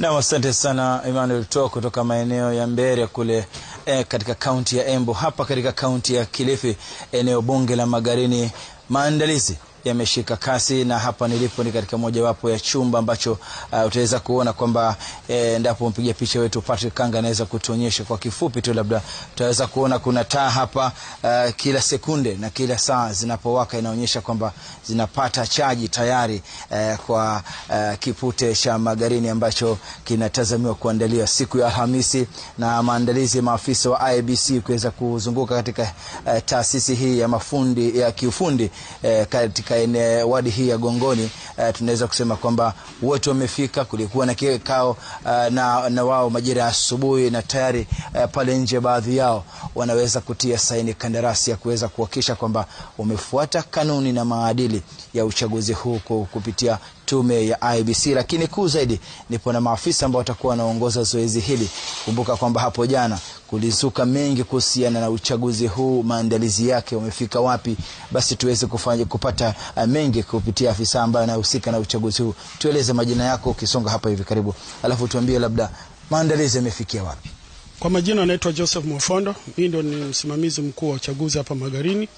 nam asante sana Emmanuel To kutoka maeneo ya Mbeere kule e, katika kaunti ya Embu. Hapa katika kaunti ya Kilifi, eneo bunge la Magarini, maandalizi yameshika kasi, na hapa nilipo ni katika mojawapo ya chumba ambacho uh, utaweza kuona kwamba eh, endapo mpiga picha wetu Patrick Kanga anaweza kutuonyesha kwa kifupi tu, labda utaweza kuona kuna taa hapa uh, kila sekunde na kila saa zinapowaka inaonyesha kwamba zinapata chaji tayari uh, kwa uh, kipute cha Magarini ambacho kinatazamiwa kuandaliwa siku ya Alhamisi na maandalizi maafisa wa IBC kuweza kuzunguka katika uh, taasisi hii ya mafundi ya kiufundi uh, katika katika eneo wadi hii ya Gongoni. Uh, tunaweza kusema kwamba wote wamefika. Kulikuwa na kikao uh, na, na wao majira ya asubuhi na tayari uh, pale nje baadhi yao wanaweza kutia saini kandarasi ya kuweza kuhakikisha kwamba wamefuata kanuni na maadili ya uchaguzi huu kupitia tume ya IBC, lakini kuu zaidi nipo na maafisa ambao watakuwa wanaongoza zoezi hili. Kumbuka kwamba hapo jana kulizuka mengi kuhusiana na uchaguzi huu, maandalizi yake umefika wapi, basi tuweze kufanya kupata eh, mengi kupitia afisa ambaye anahusika na uchaguzi huu. Tueleze majina yako ukisonga hapa hivi karibu, alafu tuambie labda maandalizi yamefikia wapi. Kwa majina anaitwa Joseph Mufondo, mimi ndio ni msimamizi mkuu wa uchaguzi hapa Magarini.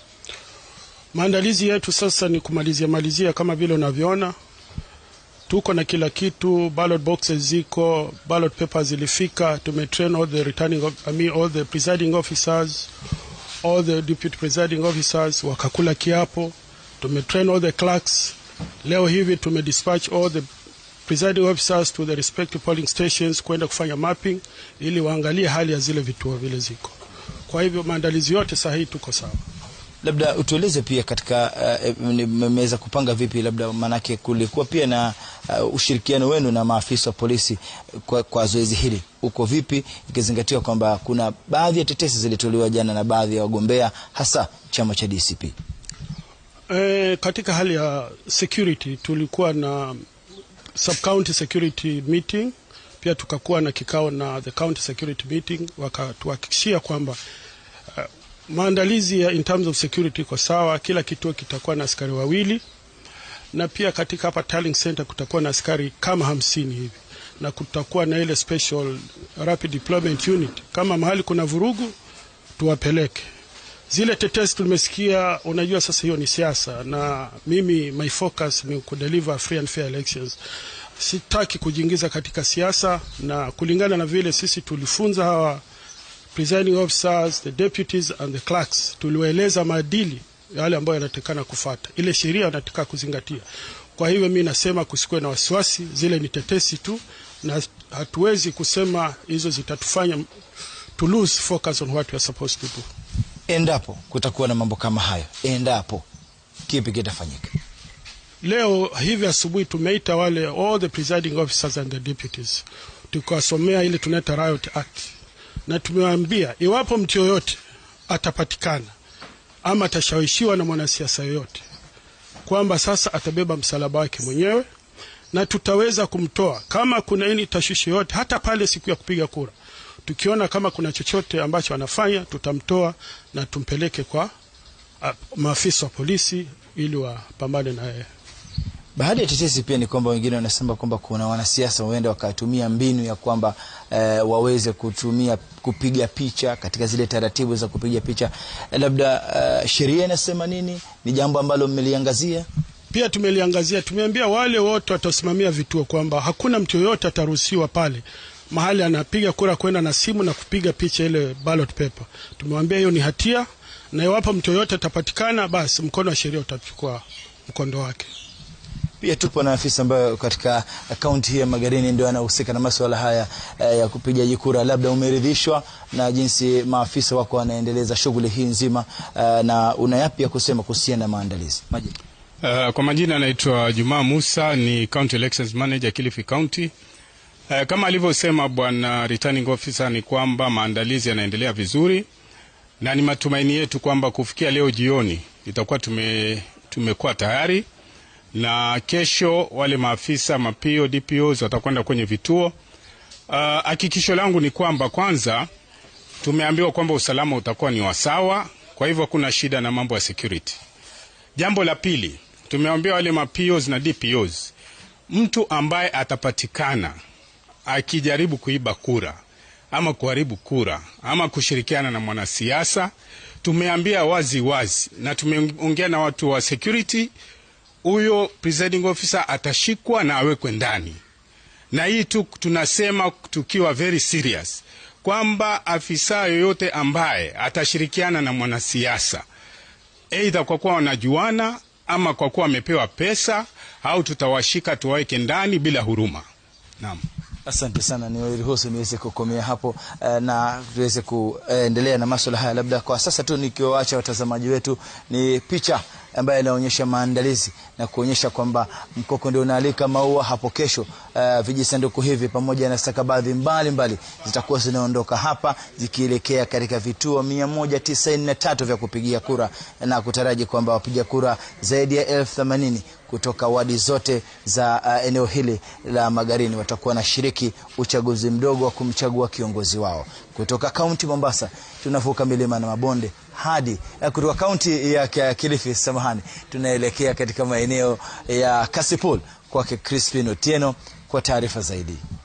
Maandalizi yetu sasa ni kumalizia malizia kama vile unavyoona tuko na kila kitu, ballot boxes ziko, ballot papers zilifika, tumetrain all the returning of, I mean, all the presiding officers all the deputy presiding officers wakakula kiapo, tumetrain all the clerks. Leo hivi tumedispatch all the presiding officers to the respective polling stations kwenda kufanya mapping ili waangalie hali ya zile vituo vile ziko. Kwa hivyo maandalizi yote sahihi, tuko sawa. Labda utueleze pia katika uh, mmeweza kupanga vipi, labda maanake kulikuwa pia na uh, ushirikiano wenu na maafisa wa polisi kwa, kwa zoezi hili uko vipi, ikizingatiwa kwamba kuna baadhi ya tetesi zilitolewa jana na baadhi ya wagombea hasa chama cha DCP? E, eh, katika hali ya security tulikuwa na sub county security meeting, pia tukakuwa na kikao na the county security meeting, wakatuhakikishia kwamba uh, maandalizi ya in terms of security iko sawa, kila kituo kitakuwa na askari wawili na pia katika hapa Tallying Center kutakuwa na askari kama hamsini hivi na kutakuwa na ile special rapid deployment unit. Kama mahali kuna vurugu, tuwapeleke zile tetesi. Tumesikia, unajua sasa hiyo ni siasa, na mimi my focus ni kudeliver free and fair elections. Sitaki kujiingiza katika siasa, na kulingana na vile sisi tulifunza hawa presiding officers, the deputies and the clerks, tuliwaeleza maadili yale ambayo yanatakana kufata, ile sheria wanataka kuzingatia. Kwa hivyo mi nasema kusikuwe na wasiwasi, zile ni tetesi tu, na hatuwezi kusema hizo zitatufanya to lose focus on what we are supposed to do. Endapo kutakuwa na mambo kama hayo, endapo kipi kitafanyika? Leo hivi asubuhi tumeita wale all the presiding officers and the deputies, tukawasomea ile tunaita riot act, na tumewaambia iwapo mtu yoyote atapatikana ama atashawishiwa na mwanasiasa yoyote kwamba sasa atabeba msalaba wake mwenyewe na tutaweza kumtoa kama kuna ini tashwishi yoyote, hata pale siku ya kupiga kura, tukiona kama kuna chochote ambacho anafanya, tutamtoa na tumpeleke kwa ah, maafisa wa polisi ili wapambane naye. Baadhi ya tetesi pia ni kwamba wengine wanasema kwamba kuna wanasiasa huenda wakatumia mbinu ya kwamba e, waweze kutumia kupiga picha katika zile taratibu za kupiga picha, eh, labda e, sheria inasema nini? Ni jambo ambalo mmeliangazia pia? Tumeliangazia, tumeambia wale wote watasimamia vituo kwamba hakuna mtu yoyote ataruhusiwa pale mahali anapiga kura kwenda na simu na kupiga picha ile ballot paper. Tumewambia hiyo ni hatia, na iwapo mtu yoyote atapatikana, basi mkono wa sheria utachukua mkondo wake. Pia tupo na afisa ambayo katika kaunti hii ya Magarini ndio anahusika na masuala haya eh, ya kupigaji kura. Labda umeridhishwa na jinsi maafisa wako wanaendeleza shughuli hii nzima eh, na una yapi ya kusema kuhusiana na maandalizi? majini? Uh, eh, kwa majina anaitwa Juma Musa ni County Elections Manager Kilifi County. Uh, kama alivyosema bwana returning officer ni kwamba maandalizi yanaendelea vizuri na ni matumaini yetu kwamba kufikia leo jioni itakuwa tume tumekuwa tayari na kesho wale maafisa mapio DPOs watakwenda kwenye vituo. Uh, hakikisho uh, langu ni kwamba kwanza tumeambiwa kwamba usalama utakuwa ni wasawa, kwa hivyo kuna shida na mambo ya security. Jambo la pili, tumeambiwa wale mapios na DPOs, mtu ambaye atapatikana akijaribu kuiba kura ama kuharibu kura ama kushirikiana na mwanasiasa, tumeambia wazi wazi na tumeongea na watu wa security huyo presiding officer atashikwa na awekwe ndani. Na hii tu tunasema tukiwa very serious kwamba afisa yoyote ambaye atashirikiana na mwanasiasa aidha kwa kuwa wanajuana ama kwa kuwa amepewa pesa au tutawashika tuwaweke ndani bila huruma. Naam. Asante sana, niwaruhusu niweze kukomea hapo eh, na tuweze kuendelea na masuala haya. Labda kwa sasa tu nikiwaacha watazamaji wetu ni picha ambayo anaonyesha maandalizi na kuonyesha kwamba mkoko ndio unaalika maua hapo kesho. Uh, vijisanduku hivi pamoja na stakabadhi mbalimbali zitakuwa zinaondoka hapa zikielekea katika vituo 193 vya kupigia kura na kutaraji kwamba wapiga kura zaidi ya elfu themanini kutoka wadi zote za uh, eneo hili la Magarini watakuwa wanashiriki uchaguzi mdogo wa kumchagua kiongozi wao. Kutoka kaunti Mombasa tunavuka milima na mabonde hadi uh, kutoka kaunti ya Kilifi, samahani, tunaelekea katika maeneo ya Kasipul kwake Crispin Otieno kwa taarifa zaidi.